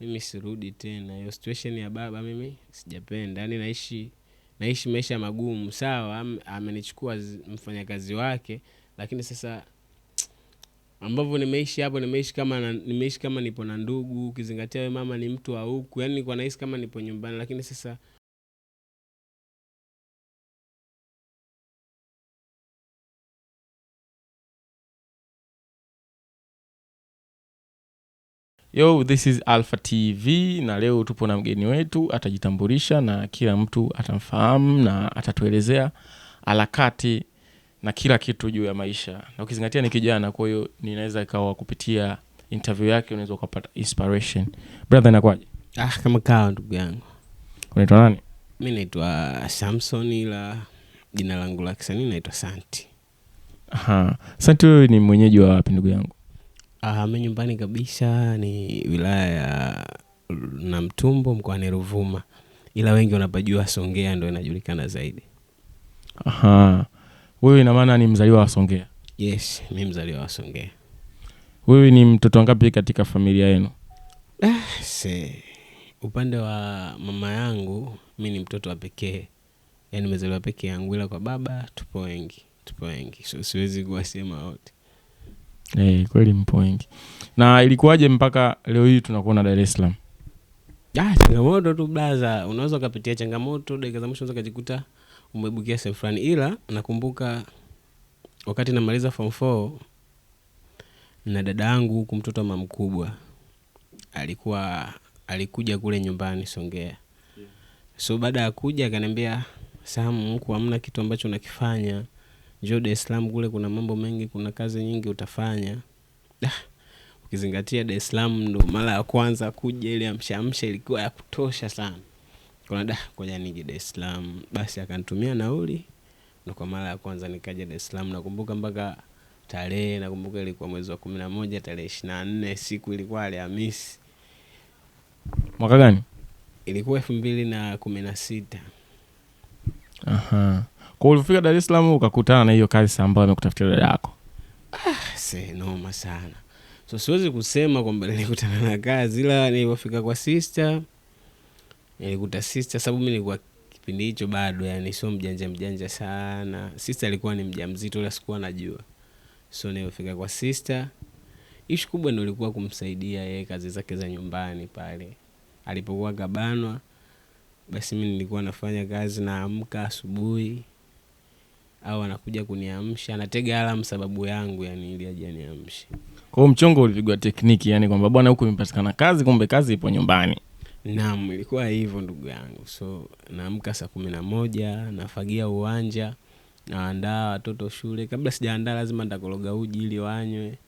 mimi sirudi tena hiyo situation ya baba mimi sijapenda yaani naishi naishi maisha magumu sawa amenichukua mfanyakazi wake lakini sasa ambavyo nimeishi hapo nimeishi kama na, nimeishi kama nipo na ndugu ukizingatia we mama ni mtu wa huku yaani kwa nahisi kama nipo nyumbani lakini sasa Yo, this is Alpha TV na leo tupo na mgeni wetu, atajitambulisha na kila mtu atamfahamu na atatuelezea alakati na kila kitu juu ya maisha, na ukizingatia ni kijana, kwa hiyo ninaweza ikawa kupitia interview yake unaweza ukapata inspiration. Brother, inakwaje? Ah, kama kawa ndugu yangu. Unaitwa nani? Mi naitwa Samson, ila jina langu la kisanii naitwa Santi. Aha. Santi, wewe ni mwenyeji wa wapi ndugu yangu? Ah, mimi nyumbani kabisa ni wilaya ya Namtumbo mkoani Ruvuma, ila wengi wanapajua Songea ndio inajulikana zaidi. Aha, wewe ina maana ni mzaliwa wa Songea? Yes, mi mzaliwa wa Songea. Wewe ni mtoto ngapi katika familia yenu? Ah, see. Upande wa mama yangu mi ni mtoto wa pekee, yaani nimezaliwa peke yangu, ila kwa baba tupo wengi, tupo wengi, so siwezi kuwasema wote. Hey, eh, kweli mpo wengi. Na ilikuwaje mpaka leo hii tunakuona Dar es Salaam? Ah, changamoto tu blaza, unaweza ukapitia changamoto, dakika za mwisho unaweza ukajikuta umeibukia sehemu fulani, ila nakumbuka wakati namaliza form four na dada yangu huku, mtoto mama mkubwa, alikuwa alikuja kule nyumbani Songea. So baada ya kuja akaniambia, Sam, huku hamna kitu ambacho unakifanya njoo Dar kule kuna mambo mengi, kuna kazi nyingi utafanya. ukizingatia Dar ndo mara ya kwanza kuja, ili amshaamsha ilikuwa ya kutosha sana, kuna da koja niji Dar Basi akantumia nauli ndo kwa mara ya kwanza nikaja daslam Nakumbuka mpaka tarehe, nakumbuka ilikuwa mwezi wa kumi na moja tarehe ishiri na nne siku ilikuwa Alhamisi. Mwaka gani? Ilikuwa elfu mbili na kumi na sita. Kwa ulifika Dar es Salaam ukakutana na hiyo kazi ambayo amekutafutia dada yako? Ah, si noma sana. So siwezi kusema kwamba nilikutana na kazi, ila nilivyofika kwa sista nilikuta sista sababu mi nilikuwa kipindi hicho bado, yani sio mjanja mjanja sana. sista alikuwa ni mja mzito ila sikuwa najua. So nilivyofika kwa sista ishu kubwa ndo ilikuwa kumsaidia yee kazi zake za nyumbani pale alipokuwa kabanwa. Basi mi nilikuwa nafanya kazi, naamka asubuhi au anakuja kuniamsha, anatega alamu sababu yangu, yani ili aje aniamshe. Kwa hiyo mchongo ulipigwa tekniki, yani kwamba bwana, huku imepatikana kazi, kumbe kazi ipo nyumbani. Naam, ilikuwa hivyo ndugu yangu. So naamka saa kumi na moja nafagia uwanja, naandaa watoto shule. Kabla sijaandaa, lazima ntakologa uji ili wanywe,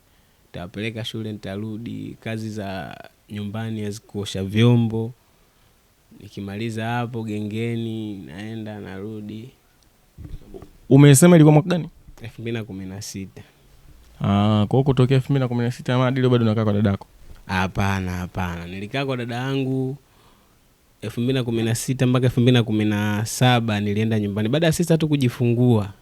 tawapeleka shule, nitarudi. Kazi za nyumbani azikuosha vyombo. Nikimaliza hapo, gengeni naenda narudi Umesema ilikuwa mwaka gani? elfu mbili na kumi na sita. Ah, kwa kutokea elfu mbili na kumi na sita bado unakaa kwa dadako? Hapana, hapana, nilikaa kwa dada yangu elfu mbili na kumi na sita mpaka elfu mbili na kumi na saba nilienda nyumbani baada ya sista tu kujifungua.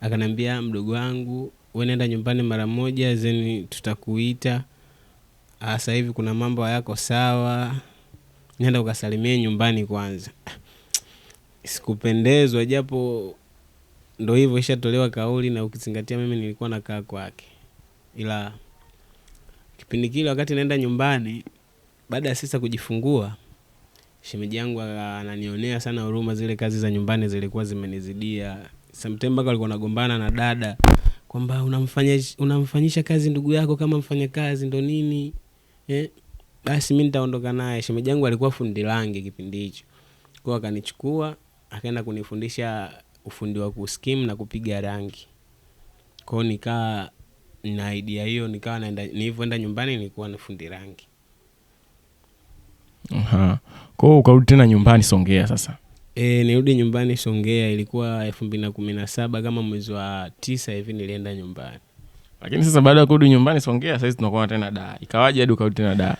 Akanambia mdogo wangu, we nenda nyumbani mara moja, zeni tutakuita. Ah, sasa hivi kuna mambo hayako sawa, nenda ukasalimie nyumbani kwanza. Sikupendezwa japo ndo hivyo ishatolewa kauli, na ukizingatia mimi nilikuwa nakaa kwake, ila kipindi kile wakati naenda nyumbani baada ya sisa kujifungua, shemeji yangu ananionea sana huruma. Zile kazi za nyumbani zilikuwa zimenizidia septemba mpaka alikuwa nagombana na dada kwamba unamfanyisha kazi ndugu yako kama mfanya kazi ndo nini eh? Basi mi nitaondoka naye. Shemeji yangu alikuwa fundi rangi kipindi hicho, kwao akanichukua akaenda kunifundisha ufundi wa kuskim na kupiga rangi kwao. Nikaa na idia hiyo, nikawa naenda, nilivyoenda nyumbani nilikuwa na fundi rangi. Aha. Kwao ukarudi tena nyumbani Songea sasa? E, nirudi nyumbani Songea, ilikuwa elfu mbili na kumi na saba kama mwezi wa tisa hivi nilienda nyumbani. Lakini sasa baada ya kurudi nyumbani Songea, sahizi tunakuona tena daa, ikawaje hadi ukarudi tena daa?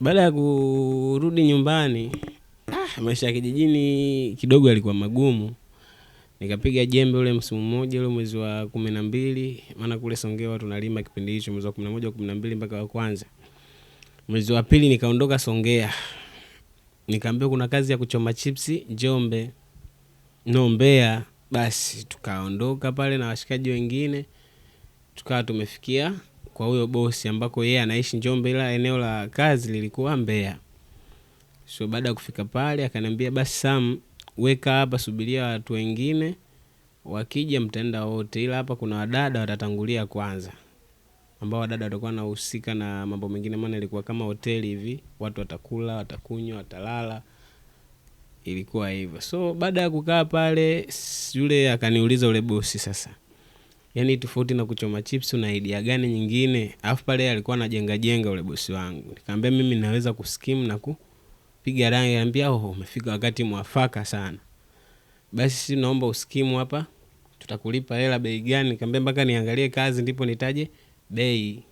Baada ya kurudi nyumbani, ah, maisha ya kijijini kidogo yalikuwa magumu nikapiga jembe ule msimu mmoja ule mwezi wa kumi na mbili maana kule Songewa tunalima kipindi hicho mwezi wa kumi na moja kumi na mbili mpaka wa kwanza. Mwezi wa pili nikaondoka Songea, nikaambia kuna kazi ya kuchoma chipsi Njombe nombea Basi tukaondoka pale na washikaji wengine, tukawa tumefikia kwa huyo bosi ambako yeye anaishi Njombe, ila eneo la kazi lilikuwa mbea So baada ya kufika pale akaniambia, basi Sam weka hapa, subiria watu wengine wakija, mtaenda wote, ila hapa kuna wadada watatangulia kwanza, ambao wadada watakuwa wanahusika na mambo mengine, maana ilikuwa kama hoteli hivi, watu watakula, watakunywa, watalala, ilikuwa hivyo. So baada ya kukaa pale, yule akaniuliza ule bosi sasa Yaani, tofauti na kuchoma chips una idea gani nyingine? Alafu pale alikuwa anajenga jenga ule bosi wangu, nikamwambia mimi naweza kuskim na ku piga rangi, ambia oh, umefika wakati mwafaka sana, basi si naomba uskimu hapa, tutakulipa hela bei gani? kaambia mpaka niangalie kazi ndipo nitaje bei.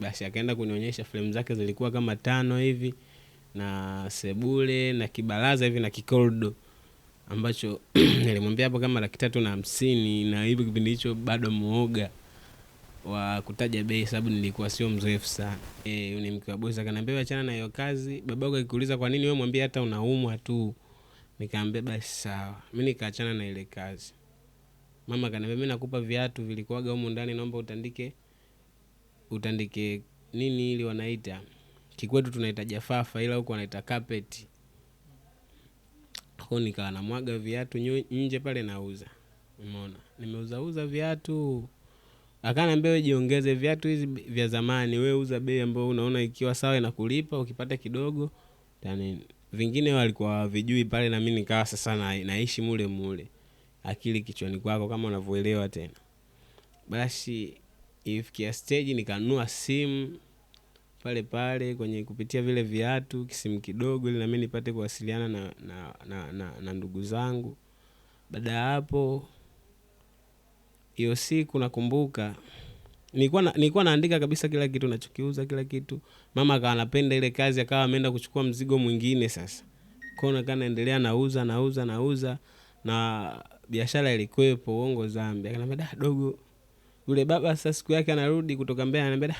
Basi akaenda kunionyesha fremu zake zilikuwa kama tano hivi na sebule na kibaraza hivi na kikoldo ambacho nilimwambia hapo kama laki tatu na hamsini, na hivyo kipindi hicho bado mwoga wa kutaja bei, sababu nilikuwa sio mzoefu sana. E, yule mke wa bosi akaniambia achana na hiyo kazi, babako akikuuliza kwa nini wewe mwambie hata unaumwa tu. Nikaambia basi sawa, mimi nikaachana na ile kazi. Mama akaniambia mimi nakupa viatu vilikuwaga humu ndani, naomba utandike utandike nini ili wanaita kikwetu tunaita jafafa, ila huko wanaita carpet. Kwa nikawa namwaga viatu nje pale nauza, umeona nimeuzauza viatu akanaambia we jiongeze viatu hizi vya zamani, we uza bei ambayo unaona ikiwa sawa inakulipa ukipata kidogo tani. Vingine walikuwa hawavijui pale, na mimi nikawa sasa na, naishi mule mule, akili kichwani kwako kama unavyoelewa tena. Basi ifikia steji nikanua simu pale pale kwenye kupitia vile viatu, kisimu kidogo, ili nami nipate kuwasiliana na, na, na, na, na ndugu zangu. Baada ya hapo hiyo siku nakumbuka nilikuwa na, nilikuwa naandika kabisa kila kitu nachokiuza kila kitu. Mama akawa anapenda ile kazi, akawa ameenda kuchukua mzigo mwingine sasa kwao, nakaa naendelea nauza nauza nauza na biashara ilikwepo uongo zambi. Akaniambia da dogo, yule baba sasa siku yake anarudi kutoka Mbeya, ananiambia da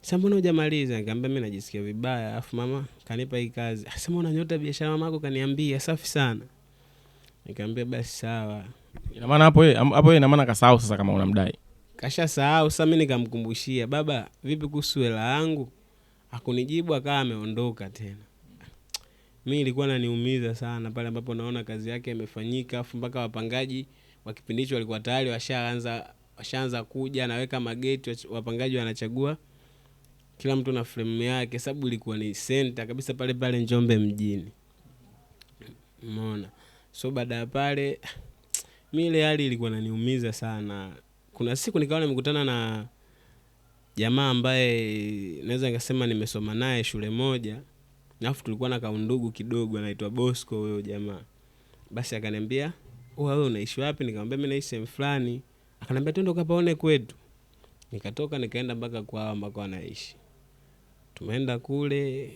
sasa, mbona hujamaliza? Nikamwambia mimi najisikia vibaya, alafu mama kanipa hii kazi. sema unanyota biashara, mamako kaniambia. Safi sana, nikamwambia basi sawa. Ina maana hapo yeye hapo yeye ina maana kasahau sasa kama unamdai. Kasha sahau sasa mimi nikamkumbushia, baba vipi kuhusu hela yangu? akunijibu akawa ameondoka tena. Mimi ilikuwa naniumiza sana pale ambapo naona kazi yake imefanyika afu mpaka wapangaji wa kipindi hicho walikuwa tayari washaanza washaanza kuja naweka mageti wapangaji wanachagua kila mtu na fremu yake, sababu ilikuwa ni senta kabisa pale pale Njombe mjini. Umeona? So baada ya pale mi ile hali ilikuwa naniumiza sana. Kuna siku nikawa nimekutana na jamaa ambaye naweza nikasema nimesoma naye shule moja, alafu tulikuwa na kaundugu kidogo, anaitwa Bosco huyo jamaa. Basi akaniambia uwa, oh, wewe unaishi wapi? Nikamwambia mi naishi sehemu fulani. akanambia tuende ukapaone kwetu. Nikatoka nikaenda mpaka kwao ambako anaishi. Tumeenda kule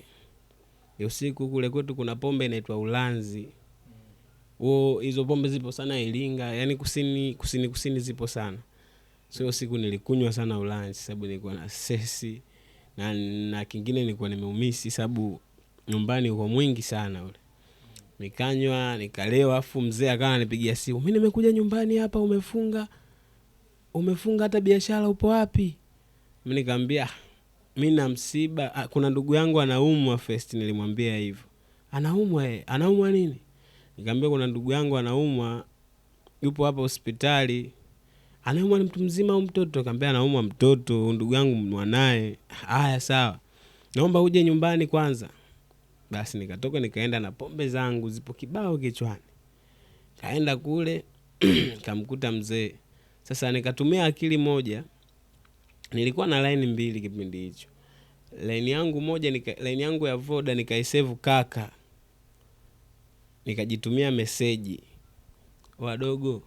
usiku, kule kwetu kuna pombe inaitwa ulanzi hizo pombe zipo sana ilinga yani kusini kusini kusini zipo sana. So siku nilikunywa sana ulanzi, sababu nilikuwa na sesi na, na kingine nilikuwa nimeumisi, sababu nyumbani uko mwingi sana ule nikanywa nikalewa, afu mzee akawa anipigia simu, mi nimekuja nyumbani hapa, umefunga umefunga hata biashara, upo wapi? Mi nikaambia mi na msiba, ah, kuna ndugu yangu anaumwa. fest nilimwambia hivyo, anaumwa eh, anaumwa nini? Nikamwambia kuna ndugu yangu anaumwa, yupo hapa hospitali. Anaumwa ni mtu mzima au mtoto? Kaambia anaumwa mtoto, ndugu yangu mwanaye. Haya, sawa, naomba uje nyumbani kwanza. Basi nikatoka nikaenda na pombe zangu zipo kibao kichwani, kaenda kule kamkuta mzee. Sasa nikatumia akili moja, nilikuwa na laini mbili kipindi hicho, laini yangu moja laini yangu ya voda nikaisevu kaka nikajitumia meseji, wadogo,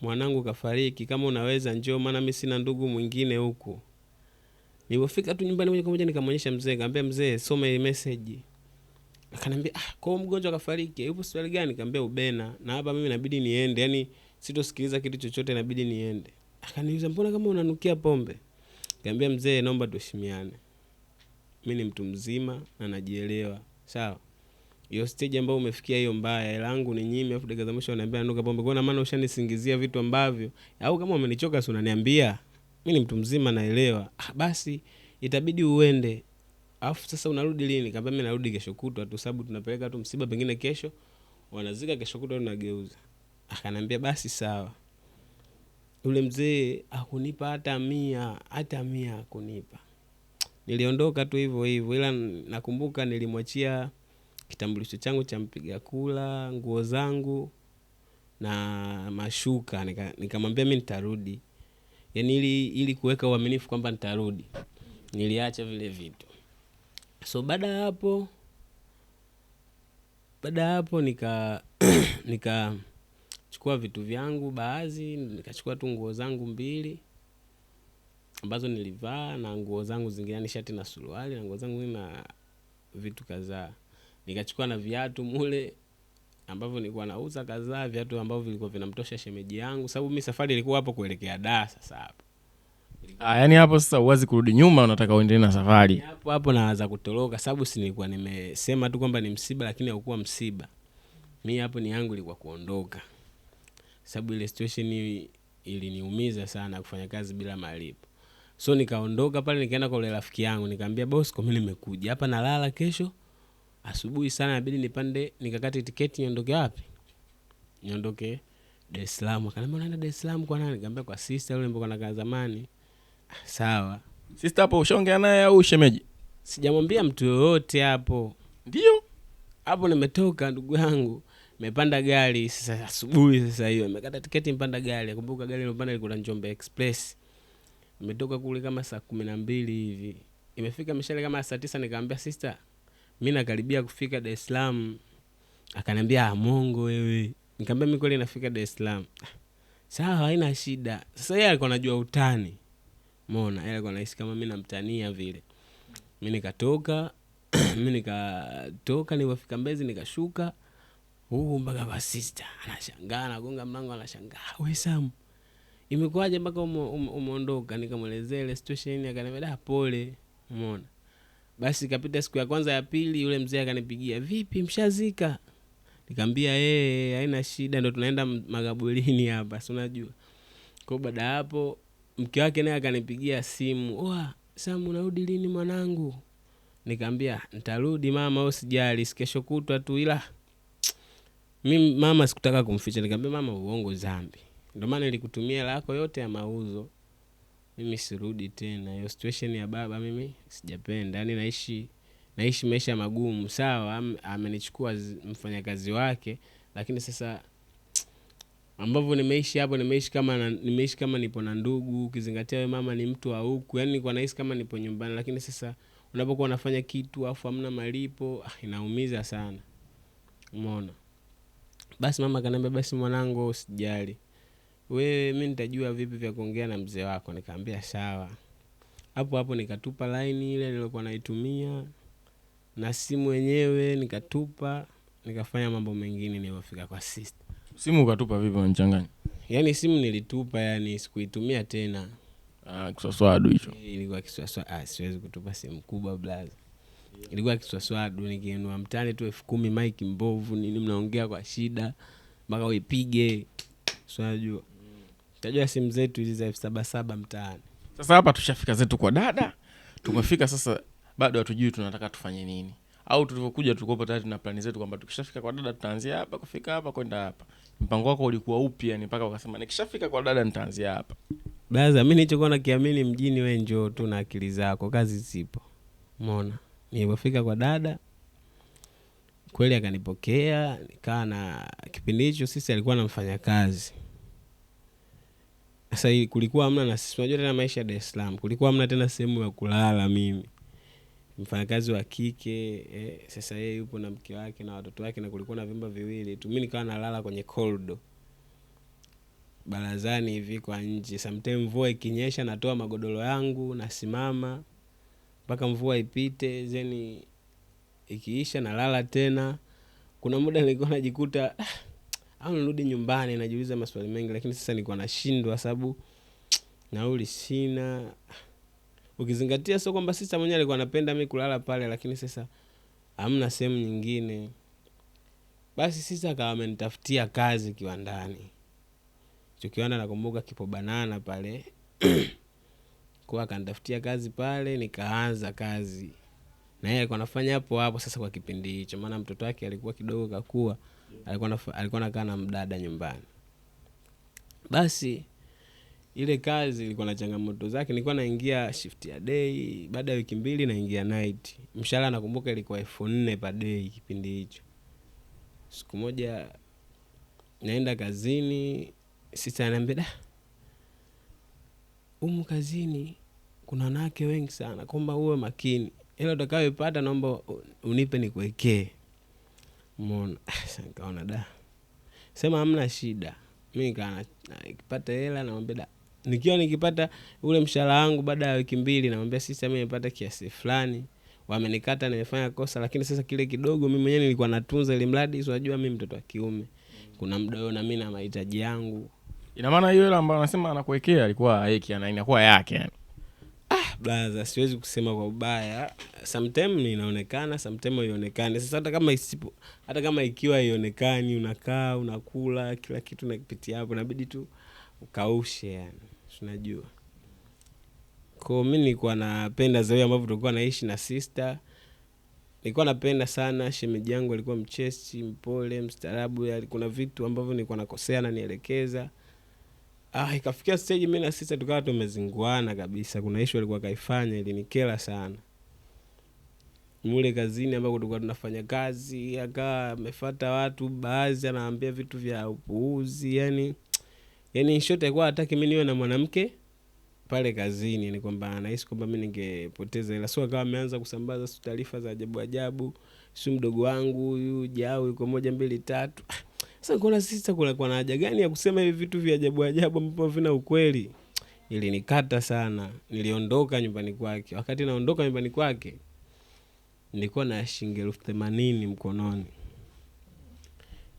mwanangu kafariki, kama unaweza njo maana mi sina ndugu mwingine huku. Nilipofika tu nyumbani moja kwa moja nikamwonyesha mzee, kaambia mzee, soma ile meseji. akanambia ah, kwa mgonjwa kafariki, yupo hospitali gani? Kaambia Ubena, na hapa mimi nabidi niende, yani sitosikiliza kitu chochote, nabidi niende. Akaniuliza mbona kama unanukia pombe? Kaambia mzee, naomba tuheshimiane, mi ni mtu mzima na najielewa, sawa hiyo stage ambayo umefikia hiyo mbaya, hela ni nyinyi, afu dakika za mwisho unaniambia nuka pombe. Kwa maana ushanisingizia vitu ambavyo, au kama umenichoka, si unaniambia mimi ni mtu mzima, naelewa. Ah, basi itabidi uende. Afu sasa unarudi lini? Nikamwambia mimi narudi kesho kutwa tu, sababu tunapeleka tu msiba, pengine kesho wanazika, kesho kutwa tunageuza. akanambia basi sawa. Yule mzee akunipa hata mia, hata mia akunipa Niliondoka tu hivyo hivyo, ila nakumbuka nilimwachia kitambulisho changu cha mpiga kula, nguo zangu na mashuka. Nikamwambia mi nitarudi, yani ili, ili kuweka uaminifu kwamba nitarudi, niliacha vile vitu. So baada ya hapo, baada ya hapo nika nikachukua vitu vyangu baadhi, nikachukua tu nguo zangu mbili ambazo nilivaa na nguo zangu zingine, ni shati na suruali na nguo zangu na vitu kadhaa nikachukua na viatu mule ambavyo nilikuwa nauza kadhaa, viatu ambavyo vilikuwa vinamtosha shemeji yangu, sababu mi safari ilikuwa hapo kuelekea da Sasa hapo ah, yaani hapo sasa uwezi kurudi nyuma, unataka uendelee na safari yaani hapo hapo, naanza kutoroka, sababu si nilikuwa nimesema tu kwamba ni msiba, lakini haukuwa msiba. Mi hapo ni yangu ilikuwa kuondoka, sababu ile situation iliniumiza sana, kufanya kazi bila malipo. So nikaondoka pale, nikaenda kwa yule rafiki yangu, nikaambia boss, kwa mimi nimekuja hapa, nalala kesho asubuhi sana inabidi nipande nikakate tiketi niondoke wapi? Niondoke Dar es Salaam. Akaniambia unaenda Dar es Salaam kwa nani? kaambia kwa sista yule mbokana kaa zamani. Ah, sawa. sista hapo ushaongea naye au shemeji? Sijamwambia mtu yoyote hapo. Ndio. Hapo nimetoka ndugu yangu. mepanda gari sasa asubuhi sasa hiyo. mekata tiketi mpanda gari. Kumbuka gari lopanda likula Njombe Express. imetoka kule kama saa kumi na mbili hivi. Imefika mishale kama saa tisa nikaambia sister mi nakaribia kufika Dar es Salaam, akaniambia ah, Mongo wewe. nikaambia mi kweli nafika Dar es Sawa, haina shida. Sasa ye alikuwa najua utani, mona yeye alikuwa nahisi kama mi namtania vile. Mi nikatoka mi nikatoka, nilivyofika Mbezi nikashuka huu mpaka vasista anashangaa, nagonga mlango, anashangaa ah, we Sam, imekuwaje mpaka umeondoka? Nikamwelezea ile situation, akaniambia da, pole. Umeona basi ikapita siku ya kwanza, ya pili, yule mzee akanipigia, vipi, mshazika? Nikamwambia yeye eh, haina shida, ndo tunaenda magabulini hapa, si unajua. Kwa baada ya hapo, mke wake naye akanipigia simu, oa Sam, unarudi lini mwanangu? Nikamwambia nitarudi mama, sijali sikesho kutwa tu, ila mimi mama sikutaka kumficha, nikamwambia mama, uongo zambi, ndio maana nilikutumia lako yote ya mauzo mimi sirudi tena hiyo situation ya baba mimi sijapenda yaani naishi naishi maisha magumu sawa amenichukua mfanyakazi wake lakini sasa ambavyo nimeishi hapo nimeishi kama na, nimeishi kama nipo na ndugu ukizingatia we mama ni mtu wa huku yani nilikuwa nahisi kama nipo nyumbani lakini sasa unapokuwa unafanya kitu afu hamna malipo ah, inaumiza sana umeona basi mama akaniambia basi mwanangu usijali wewe mi nitajua vipi vya kuongea na mzee wako. Nikaambia sawa. Hapo hapo nikatupa laini ile niliokuwa naitumia na simu yenyewe nikatupa, nikafanya mambo mengine niliofika kwa sister. Simu ukatupa vipi? Umemchanganya? Yaani simu nilitupa, yani sikuitumia tena. Ah, kiswaswadu hicho. Eh, ilikuwa kiswaswa Ah, siwezi kutupa simu kubwa blaza. Ilikuwa kiswaswadu, nikiinua mtani tu elfu kumi, maiki mbovu, nini mnaongea kwa shida mpaka uipige. Swajua utajua simu zetu hizi za elfu saba saba mtaani. Sasa hapa tushafika zetu kwa dada, tumefika sasa, bado hatujui tunataka tufanye nini, au tulivyokuja tulikuwa tayari na plani zetu kwamba tukishafika kwa dada tutaanzia hapa, kufika hapa, kwenda hapa. Mpango wako ulikuwa upi yani mpaka ukasema nikishafika kwa dada nitaanzia hapa? Baza mi nilichokuwa nakiamini mjini, we njoo tu na akili zako, kazi zipo. mona nilivyofika kwa dada kweli akanipokea, nikaa na kipindi hicho sisi alikuwa na mfanyakazi sasa kulikuwa amna na sisi unajua tena maisha ya Dar es Salaam, kulikuwa amna tena sehemu ya kulala. Mimi mfanyakazi wa kike eh, sasa yeye yupo na mke wake na watoto wake, na kulikuwa na vyumba viwili tu. Mimi nikawa nalala kwenye corridor barazani hivi kwa nje. Sometimes mvua ikinyesha, natoa magodoro yangu nasimama mpaka mvua ipite, zeni ikiisha nalala tena. Kuna muda nilikuwa najikuta au nirudi nyumbani, najiuliza maswali mengi, lakini sasa nikuwa nashindwa sababu nauli sina, ukizingatia sio kwamba sista mwenyewe alikuwa anapenda mi kulala pale, lakini sasa amna sehemu nyingine. Basi sista akawa amenitafutia kazi kiwandani, cho kiwanda nakumbuka kipo Banana pale kuwa akanitafutia kazi pale, nikaanza kazi na yeye alikuwa anafanya hapo hapo sasa kwa kipindi hicho, maana mtoto wake alikuwa kidogo kakua alikuwa alikuwa nakaa na mdada nyumbani. Basi ile kazi ilikuwa na changamoto zake, nilikuwa naingia shift ya day, baada ya wiki mbili naingia night. Mshahara nakumbuka ilikuwa elfu nne pa day kipindi hicho. Siku moja naenda kazini, sita ananiambia humu kazini kuna wanawake wengi sana, kwamba uwe makini, ila yaani utakayoipata naomba unipe nikuwekee. Mona kaona da, sema hamna shida, mi nikaa hela naambia nikiwa nikipata ule mshahara wangu baada ya wiki mbili, namwambia sisi ami nipata kiasi fulani, wamenikata, nimefanya kosa, lakini sasa kile kidogo mi mwenyewe nilikuwa natunza ili mradi si unajua mi mtoto wa kiume, kuna muda huo na mi na mahitaji yangu. Ina maana hiyo hela ambayo anasema anakuwekea alikuwa aeki, inakuwa yake yani blaza, siwezi kusema kwa ubaya, samtim inaonekana, samtim haionekani. Sasa hata kama isipo, hata kama ikiwa haionekani, unakaa unakula kila kitu nakipitia hapo, inabidi tu ukaushe, yani unajua. ko mi nilikuwa napenda zawi ambavyo tulikuwa naishi na sista nilikuwa napenda sana shemeji yangu, alikuwa mchesi mpole, mstaarabu. Kuna vitu ambavyo nilikuwa nakosea ananielekeza, Ah, ikafikia stage mimi na sister tukawa tumezinguana kabisa. Kuna issue alikuwa kaifanya ilinikela sana mule kazini ambako tulikuwa tunafanya kazi, akawa amefata watu baadhi, anaambia vitu vya upuuzi yani, yani shot alikuwa hataki mi niwe na mwanamke pale kazini, ni kwamba anahisi kwamba mi ningepoteza hela. So akawa ameanza kusambaza taarifa za ajabu ajabu, si mdogo wangu huyu, jao yuko moja mbili tatu sasa sisi chakula kwa na haja gani ya kusema hivi vitu vya ajabu ajabu ambavyo vina ukweli. Ilinikata sana. Niliondoka nyumbani kwake. Wakati naondoka nyumbani kwake nilikuwa na shilingi elfu themanini mkononi.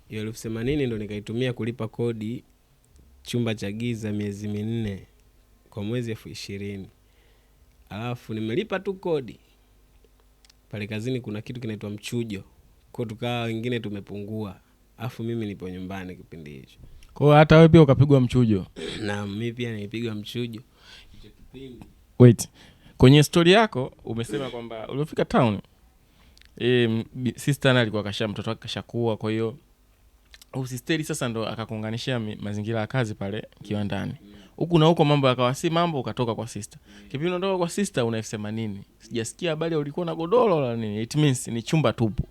Hiyo elfu themanini ndo nikaitumia kulipa kodi chumba cha giza miezi minne kwa mwezi elfu ishirini. Alafu nimelipa tu kodi. Pale kazini kuna kitu kinaitwa mchujo. ko tukawa wengine tumepungua alafu mimi nipo nyumbani kipindi hicho. Kwa hiyo hata wewe pia ukapigwa mchujo? Naam, mimi pia nilipigwa mchujo Wait, kwenye stori yako umesema kwamba uliofika town e, sister na alikuwa kasha mtoto wake kashakuwa, kwa hiyo usisteri sasa ndo akakuunganishia mazingira ya kazi pale kiwa ndani huku na huko, mambo yakawa si mambo, ukatoka kwa sister. Kipindi unatoka kwa sister una elfu themanini, sijasikia habari ulikuwa na godoro la nini. It means ni chumba tupu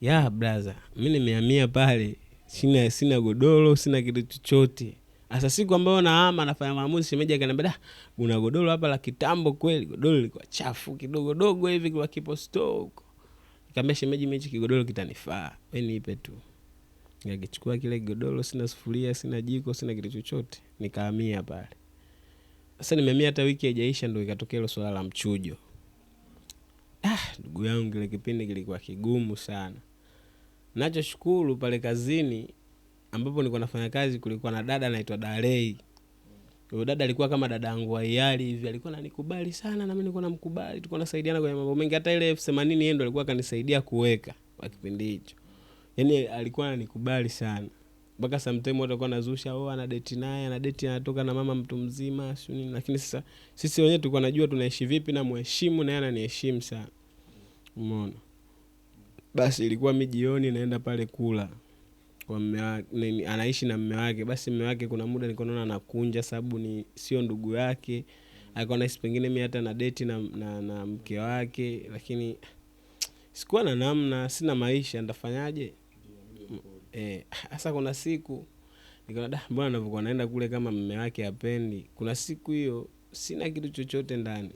ya braha mi nimeamia pale, sina sina godoro, sina kitu chochote. hasa siku ambayo naama nafanya maamuzi, shemeji akaniambia, una godoro hapa la kitambo kweli. Godoro lilikuwa chafu kidogodogo hivi kiwa kipo stoko huko. shemeji, mimi kigodoro kitanifaa, wewe tu. Nikakichukua kile kigodoro, sina sufuria, sina jiko, sina kitu chochote, nikaamia pale. Sasa nimeamia hata wiki haijaisha, ndo ikatokea hilo swala la mchujo. Ah, ndugu yangu, kile kipindi kilikuwa kigumu sana. Nachoshukuru pale kazini ambapo nilikuwa nafanya kazi, kulikuwa na dada anaitwa Darei. Huyo dada alikuwa kama dada yangu wa hivi, alikuwa nanikubali sana nami mimi nilikuwa namkubali, tulikuwa nasaidiana kwenye mambo mengi. Hata ile elfu themanini yeye ndo alikuwa akanisaidia kuweka kwa kipindi hicho, yaani alikuwa nanikubali sana mpaka sometime watu walikuwa nazusha, o oh, anadeti naye, anadeti anatoka na mama mtu mzima sio, lakini sasa sisi wenyewe tulikuwa najua tunaishi vipi na muheshimu, na ananiheshimu sana, umeona. Basi ilikuwa mi jioni naenda pale kula kwa mme wake, anaishi na mme wake. Basi mme wake kuna muda nilikuwa naona anakunja, sababu ni sio ndugu yake, alikuwa nahisi pengine mi hata na deti na, na, na mke wake, lakini sikuwa na namna, sina maisha, ntafanyaje eh, Hasa e, kuna siku nikaona navokuwa naenda kule kama mme wake apendi Kuna siku hiyo sina kitu chochote ndani,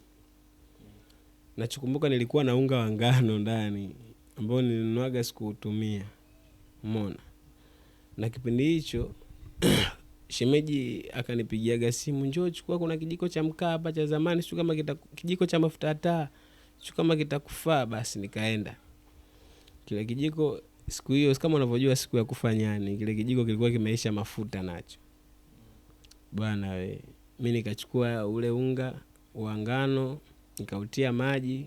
nachokumbuka nilikuwa na unga wa ngano ndani ambao nilinuaga sikuutumia mona na kipindi hicho shemeji akanipigiaga simu njo chukua kuna kijiko cha mkaa hapa cha zamani siu kama kita, kijiko cha mafuta ataa taa siu kama kitakufaa basi nikaenda kile kijiko siku hiyo kama unavyojua siku ya kufanyani kile kijiko kilikuwa kimeisha mafuta nacho bwana we mi nikachukua ule unga wa ngano nikautia maji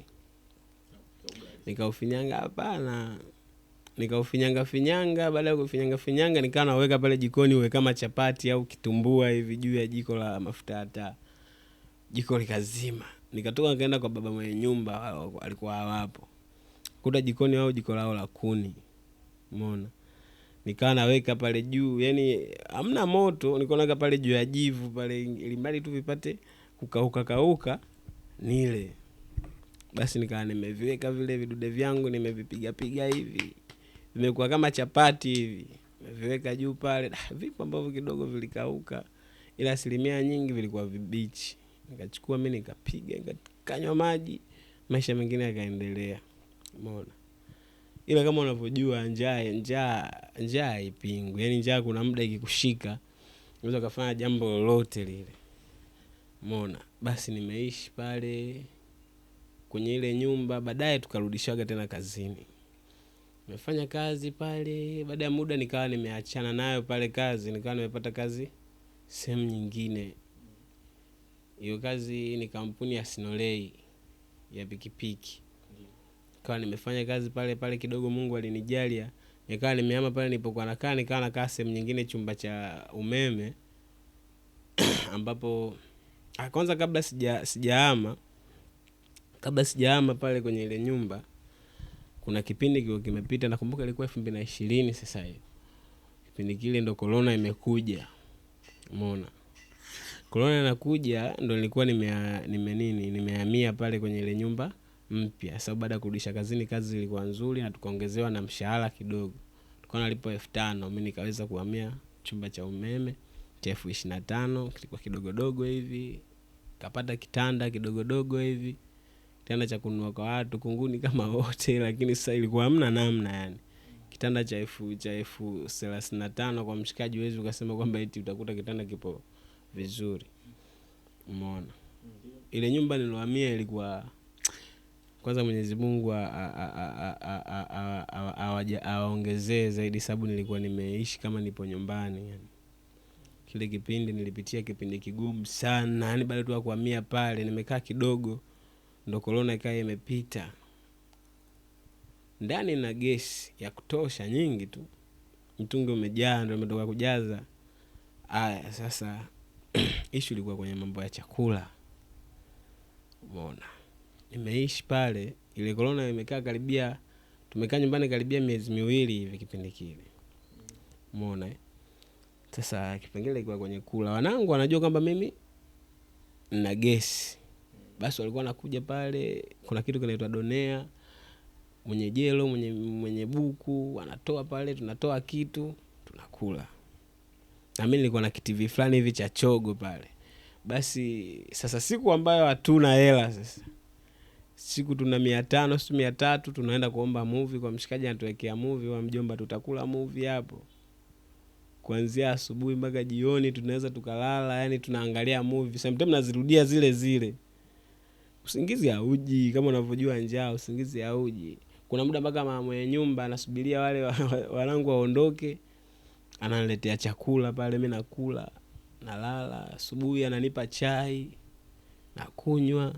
nikaufinyanga hapana nikaufinyanga finyanga baada ya kufinyanga finyanga nikawa naweka pale jikoni uwe kama chapati au kitumbua hivi juu ya jiko la mafuta hata jiko likazima nikatoka nikaenda kwa baba mwenye nyumba alikuwa hawapo kuta jikoni au jiko lao la kuni mona nikawa naweka pale juu yani hamna moto nikaonaga pale juu ya jivu pale ilimbali tu vipate kukauka kauka nile basi nikawa nimeviweka vile vidude vyangu, nimevipigapiga hivi, vimekuwa kama chapati hivi, nimeviweka juu pale. Vipo ambavyo kidogo vilikauka, ila asilimia nyingi vilikuwa vibichi. Nikachukua mi nikapiga, nikakanywa maji, maisha mengine yakaendelea. mona Ila kama unavyojua njaa, njaa, njaa ipingwi Yaani njaa kuna muda ikikushika naweza ukafanya jambo lolote lile. mona Basi nimeishi pale kwenye ile nyumba, baadaye tukarudishaga tena kazini. mefanya kazi pale, baada ya muda nikawa nimeachana nayo pale kazi, nikawa nimepata kazi sehemu nyingine. Hiyo kazi ni kampuni ya Sinolei ya pikipiki, kawa nimefanya kazi pale pale kidogo. Mungu alinijalia nikawa nimeama pale nilipokuwa nakaa, nikawa nakaa sehemu nyingine, chumba cha umeme ambapo ah, kwanza kabla sija kabla sijaama pale kwenye ile nyumba, kuna kipindi kiko kimepita, nakumbuka ilikuwa elfu mbili na ishirini sasa hivi Kipindi kile ndo korona imekuja, mona korona inakuja, ndo nilikuwa nime nime nini nimehamia pale kwenye ile nyumba mpya, sababu baada ya kurudisha kazini, kazi ilikuwa nzuri na tukaongezewa na mshahara kidogo, tukaa nalipo elfu tano mi nikaweza kuhamia chumba cha umeme cha elfu ishiri na tano kilikuwa kidogodogo hivi, kapata kitanda kidogodogo hivi kitanda cha kununua kwa watu kunguni kama wote, lakini sasa ilikuwa hamna namna yani kitanda cha elfu cha elfu thelathini na tano kwa mshikaji, wezi ukasema kwamba iti utakuta kitanda kipo vizuri. mona ile nyumba nilohamia ilikuwa kwanza, Mwenyezi Mungu awaongezee zaidi, sababu nilikuwa nimeishi kama nipo nyumbani yani. Kile kipindi nilipitia kipindi kigumu sana yani, bado tu ya kuhamia pale nimekaa kidogo ndo korona ikawa imepita ndani na gesi ya kutosha nyingi tu, mtungi umejaa, ndo metoka kujaza. Aya, sasa ishu ilikuwa kwenye mambo ya chakula. mona nimeishi pale, ile korona imekaa karibia, tumekaa nyumbani karibia miezi miwili hivi kipindi kile. mona sasa kipengele kiwa kwenye kula. Wanangu wanajua kwamba mimi na gesi basi walikuwa nakuja pale, kuna kitu kinaitwa donea, mwenye jelo mwenye, mwenye buku wanatoa pale, tunatoa kitu tunakula. Na mimi nilikuwa na kitv fulani hivi cha chogo pale. Basi sasa siku ambayo hatuna hela sasa siku tuna mia tano siu mia tatu tunaenda kuomba muvi kwa mshikaji, anatuwekea muvi wa mjomba, tutakula muvi hapo kuanzia asubuhi mpaka jioni, tunaweza tukalala, yani tunaangalia muvi sometimes nazirudia zile zile usingizi auji kama unavyojua njaa, usingizi uji Kuna muda mpaka mama mwenye nyumba anasubiria wale walangu waondoke, ananiletea chakula pale, mi nakula, nalala. Asubuhi ananipa chai nakunywa,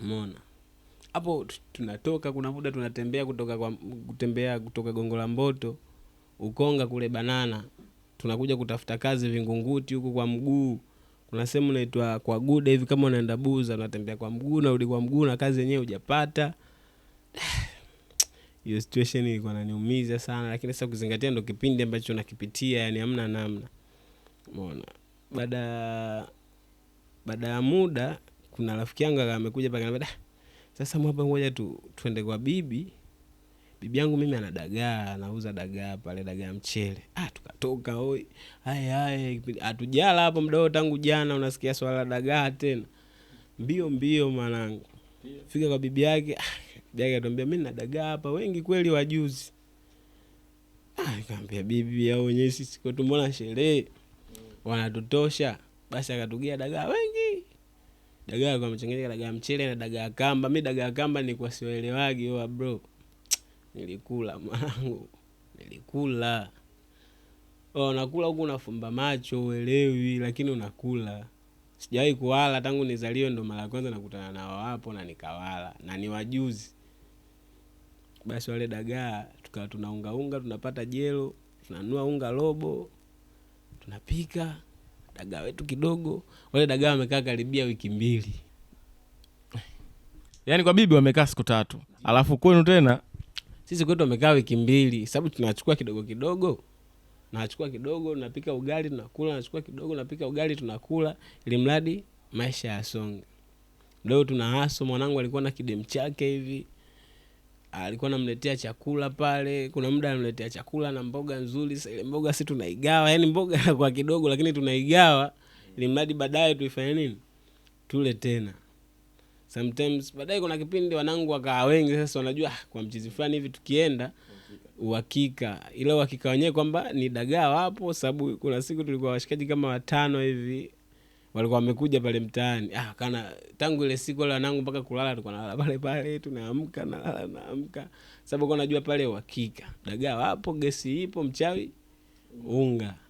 umeona hapo. Tunatoka, kuna muda tunatembea kutoka kwa, kutembea kutoka Gongo la Mboto Ukonga kule Banana, tunakuja kutafuta kazi Vingunguti huku kwa mguu kuna sehemu unaitwa kwa guda hivi, kama unaenda Buza unatembea kwa mguu, udi kwa mguu na kazi yenyewe hujapata. Hiyo situation ilikuwa naniumiza sana, lakini sasa kuzingatia ndo kipindi ambacho nakipitia, yani hamna namna. mona baada baada ya muda kuna rafiki yangu amekuja paka, sasa mwapa, ngoja tu tuende kwa bibi bibi yangu mimi ana dagaa anauza dagaa pale dagaa mchele ah, tukatoka oi ay hatujala hapo mdao tangu jana unasikia swala la dagaa tena mbio mbio mwanangu fika kwa bibi yake ah, bibi yake atuambia mi na dagaa hapa wengi kweli wajuzi ah, kaambia bibi au wenyewe sisi kwetu sherehe mm. wanatutosha basi akatugia dagaa wengi dagaa kwa mchanganyika dagaa mchele na dagaa kamba mi dagaa kamba ni kwa siwaelewagi bro Nilikula mwanangu, nilikula. Unakula oh, huku unafumba macho uelewi, lakini unakula. Sijawahi kuwala tangu nizaliwe ndo mara ya kwanza nakutana nao hapo na nikawala na ni wajuzi. Basi wale dagaa tukawa tunaungaunga, tunapata jelo, tunanua unga robo, tunapika dagaa wetu kidogo. Wale dagaa wamekaa karibia wiki mbili, yaani kwa bibi wamekaa siku tatu, alafu kwenu tena sisi kwetu wamekaa wiki mbili, sababu tunachukua kidogo kidogo, nachukua kidogo, napika ugali tunakula, nachukua kidogo, napika ugali tunakula, ili mradi maisha yasonge. Leo tuna haso, mwanangu alikuwa na kidemu chake hivi, alikuwa namletea chakula pale, kuna muda anamletea chakula na mboga nzuri. Sasa ile mboga si tunaigawa, yani mboga kwa kidogo, lakini tunaigawa ili mradi baadaye tuifanye nini, tule tena sometimes baadaye kuna kipindi wanangu wakaa wengi sasa wanajua ah, kwa mchizi fulani hivi tukienda uhakika ila uhakika wenyewe kwamba ni dagaa wapo sababu kuna siku tulikuwa washikaji kama watano hivi walikuwa wamekuja pale mtaani ah, kana tangu ile siku wale wanangu mpaka kulala tulikuwa nalala pale pale tunaamka nalala naamka sababu kwa najua pale uhakika dagaa wapo gesi ipo mchawi unga